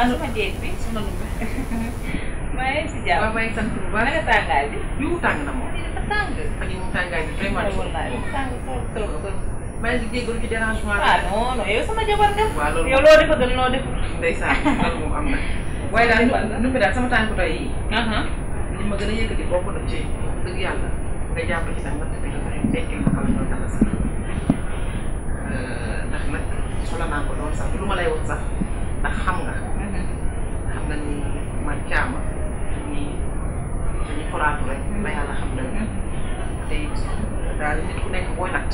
man ma dégg bi sama numéro. maa ngi si jàmm waaw maa ngi sant bu baax nga tàngaay bi. yu tàng na moom. dafa tàng. ma ne moom tàngaay bi vraiment. tàng maa ngi jégalu ci dérangement bi. ah non non yow jabar nga. waaw loolu yow loo loolu moom am na. waaye ma gën a yëkkati bokk na ci ndax nag soxla naa ko lool sax lu ma lay wax ndax xam nga. caama dañuy dañuy xolaatu rek la yàlla xam dëgg mm-hmm. te daal nit ku nekk booy natt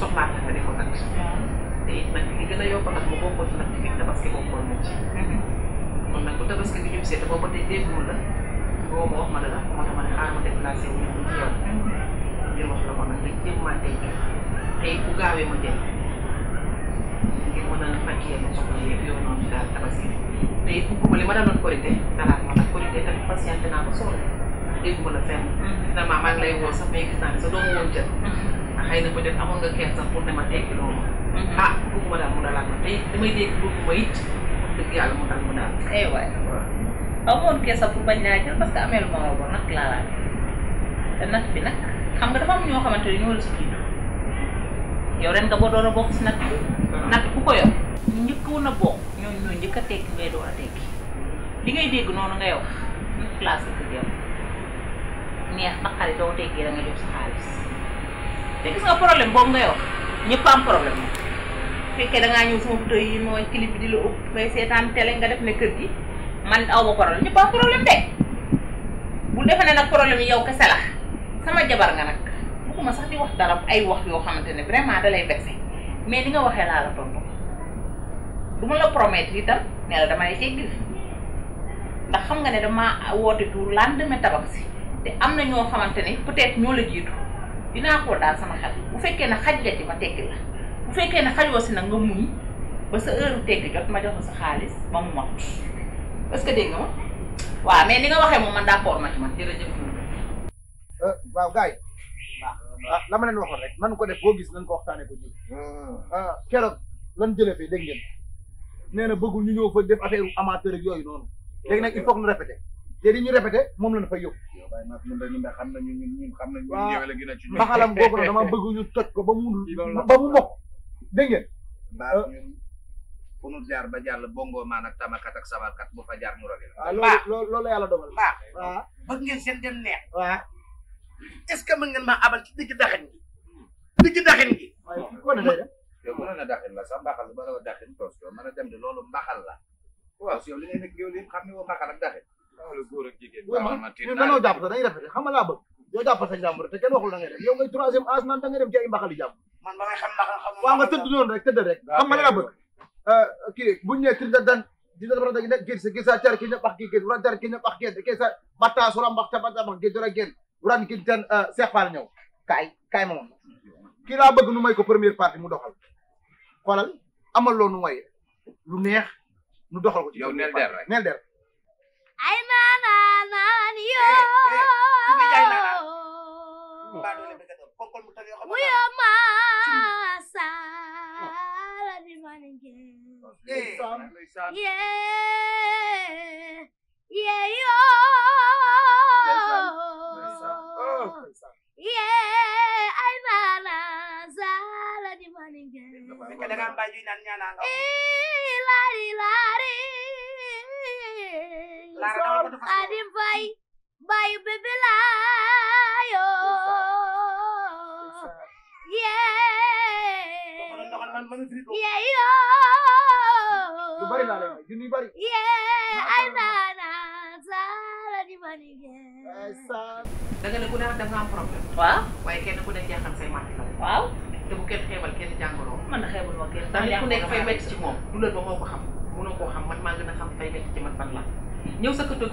soxlaa tax nga ko natt mm-hmm. te it nag li gën a yokk nag ba bokkul nag bi tabaski bokkoon na ci mm-hmm. kon nag bu tabaski bi jub see te boobu ba tey déggul la boo ma ma ne la ma ne xaaral ma déplacé wu ñu ci yow ngir wax la ko nag dañ jéem maa tey tey bu gaawee ma jël ngir mën a fajee yoonu noonu daal tabaski te it bu li ma daloon korité dalaat moo tax korité tamit patiente naa ko soxla dégguma la fenn. finalement maa ngi lay woo sax mais gis naa ne sa doomu woon jël. xëy na peut-être amoon nga kenn sax pour ne ma tekki loolu. ah bëgguma daal mu dalaat ma te it damay dégg bëgguma it wax dëgg yàlla mu daal. eh waay amoon kenn sax pour bañ laa jël parce que amee lu ma waroon nag laa laaj te nag bi nag xam nga dafa o ñoo xamante ne ñoo la si jiitu yow ren nga boo door a bokk si nag natt ku ko yor njëkkoon a bokk ñooñu ñoo njëkk a tekki ngay door a tekki li ngay dégg noonu ngay wax ñu classé ko yow doo tekkee da nga jox sa xaalis te gis nga problème ñëpp am problème da ngaa ñëw sama buto yi mooy bi di la ëpp ngay seetaan télé nga def ne kër gi man aw ma problème ñëpp am problème de bu defee ne nag problème yi yow kese la sama jabar nga nag bëgguma sax di wax dara ay wax yoo xamante ne vraiment da lay vexé. mais ni nga waxee laa la tontu du ma la promettre itam ne la damay see gis ndax xam nga ne dama woote tuur laan demee tabax si te am na ñoo xamante ne peut-être ñoo la jiitu dinaa ko daal sama xel bu fekkee na xaj la ci ma tekki la bu fekkee ne xajoo si nag nga muñ ba sa heure tekki jot ma jox sa xaalis ba mu mot parce que dégg waaw mais ni nga waxee moom man d'accord ma ci man jërëjëf. waaw gars yi ah la ma leen waxoon rek nan ko def boo gis nan ko waxtaanee ko jiw. Hmm. ah keroog lan jëlee fee dégg ngeen nee na bëggul ñu ñëw fa def affaire amateur ak yooyu noonu. léegi nag i faut que ñu répété te di ñu répété moom la ñu fay yóbbu. xam nañu ñun xam nañu. Ah, waaw mbaxalam googu nag dama bëgg ñu toj ko ba mu. ba mu mokk dégg ngeen. Ah. fu nu jaar ba jàll bongo maan ak tamakat ak sabarkat bu fa jaar mu rëbbi. Ah, waaw loolu loolu yàlla dogal. waaw bëgg ngeen seen dem neex. waaw. est-ce que mën ngeen maa abal ci digg daxin gi digg daxin gi. waaye fii kon de. yow mënoon a daxin la sax mbaxal la mënoon a daxin toos yow mën a dem de loolu mbaxal la waaw si yow li ngay nekk yow li xam ne woo mbaxal ak daxin. loolu góor ak jigéen. waaw man tiit naa mënoo jàpp sax dañuy rafetee xam nga laa bëgg. yow jàppal sa jàmbur te kenn waxul la ngay def yow ngay troisième âge naan da nga dem ci ay mbaxali jàmbur. man ba ngay xam mbaxal xam waaw nga tëdd noonu rek tëdd rek xam nga laa bëgg kii bu ñu nee tri dan dina bara da ne gir sa gir sa car ki ña bax gi gén wala jar ki ña bax génn ke sa batta sura mbaxta batta bax gi dora génn bu daan kii ten euh, Cheikh Fall ñëw kaay kaay ma moom kii laa nu may ko première partie mu doxal xoolal amal nu may lu neex nu doxal ko ci der ay maana eh, eh, naan yoo wuyo maa saala bi man ngeen eh, yee yoo naan bàyyi ñu naan ñaanaa nga. Eh, laari laari. laara dama ko dafa adi bay bay bébé laayo. yee yoo. bari laale junni bari. yee ay naana saala di mani da nga ne ku ne da nga am problème. waaw waaye kenn ku ne jeexal say màtt waaw. te bu kenn xeebal kenn jàngoro. mën na xeebal ma kenn ndax ku nekk fay métti ci moom douleur ba moo ko xam mënoo koo xam man maa gën a xam fay métti ci man mm-hmm. sa këto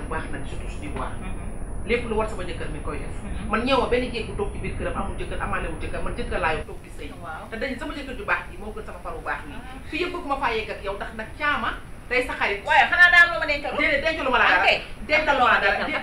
bu baax nag surtout su mm-hmm. lu war sama jëkkër mi koy def mm-hmm. man ñëw benn jéeg bu toog ci biir këram amul jëkkër te dañ sama jëkkër ju baax moo gën sama faru baax nii fii yëpp bëgg ma faa yegg ak yow ndax nag caama tey sa xarit waaye xanaa daal loo ma dencal déedéet dencalu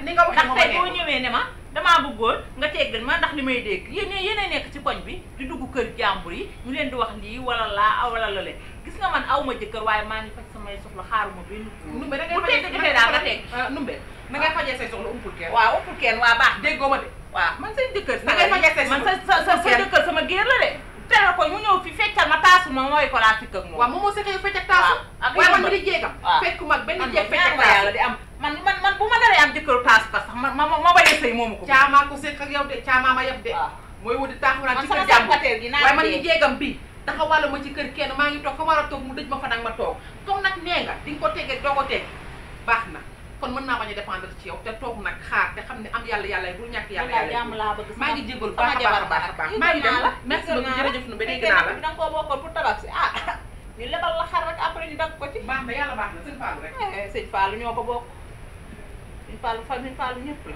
ni nga wax ndax tey boo ñëwee ne ma damaa bëggoon nga teggal ma ndax li may dégg yéen yéen a nekk ci koñ bi di dugg kër jàmbur yi ñu leen di wax lii wala laa wala lale gis nga man aw ma jëkkër waaye maa ngi faj samay soxla xaaruma benn numbe da ngay fajee bu daal nga teg uh, numbe ah. da ngay fajee say soxla umpul kenn waaw umpul kenn waa baax déggoo ma de waaw man seen jëkkër da ngay fajee say soxla man sa sa sa jëkkër sama géer la de tere ko mu ñëw fi feccal ma taasu ma mooy ko laa fikk ak moom waaw moom moo sa xëy fecc ak taasu ak man mi di jéegam fekku mag benn jéeg fecc ak taasu di am man ma daree am jëkkëru taasu ka sax ma ma ma bañee sëy moomu ko caamaa ko sëkk ma yab de mooy wuti taaxuraan kër jàmm waaye ma ci kër kenn maa ngi toog ka war a toog mu dëj ma fa nag ma toog toog nag nee nga di nga ko tegee doo ko teg kon mën naa bañ a dépendre ci yow te toog nag xaar te xam ne am yàlla yàlla bul ñàkk yàlla yàlla maa ngi jégalu baax a baax a baax maa ngi dem merci beaucoup jërëjëf nu ba dégg naa la da si ah, ñu lebal la xar rek après ñu dagg ko ci baax na yàlla baax na sëñ Fallou rek eh, sëñ Fallou ñoo ko bokk sëñ Fallou fa sëñ Fallou ñëpp la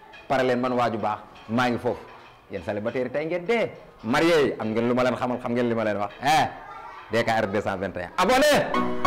pare leen man waaju baax maa ngi foofu yéen célibataire yi tey ngeen dee marié yi am ngeen lu xamal xam ngeen li ma leen wax eh DKR 221 abonné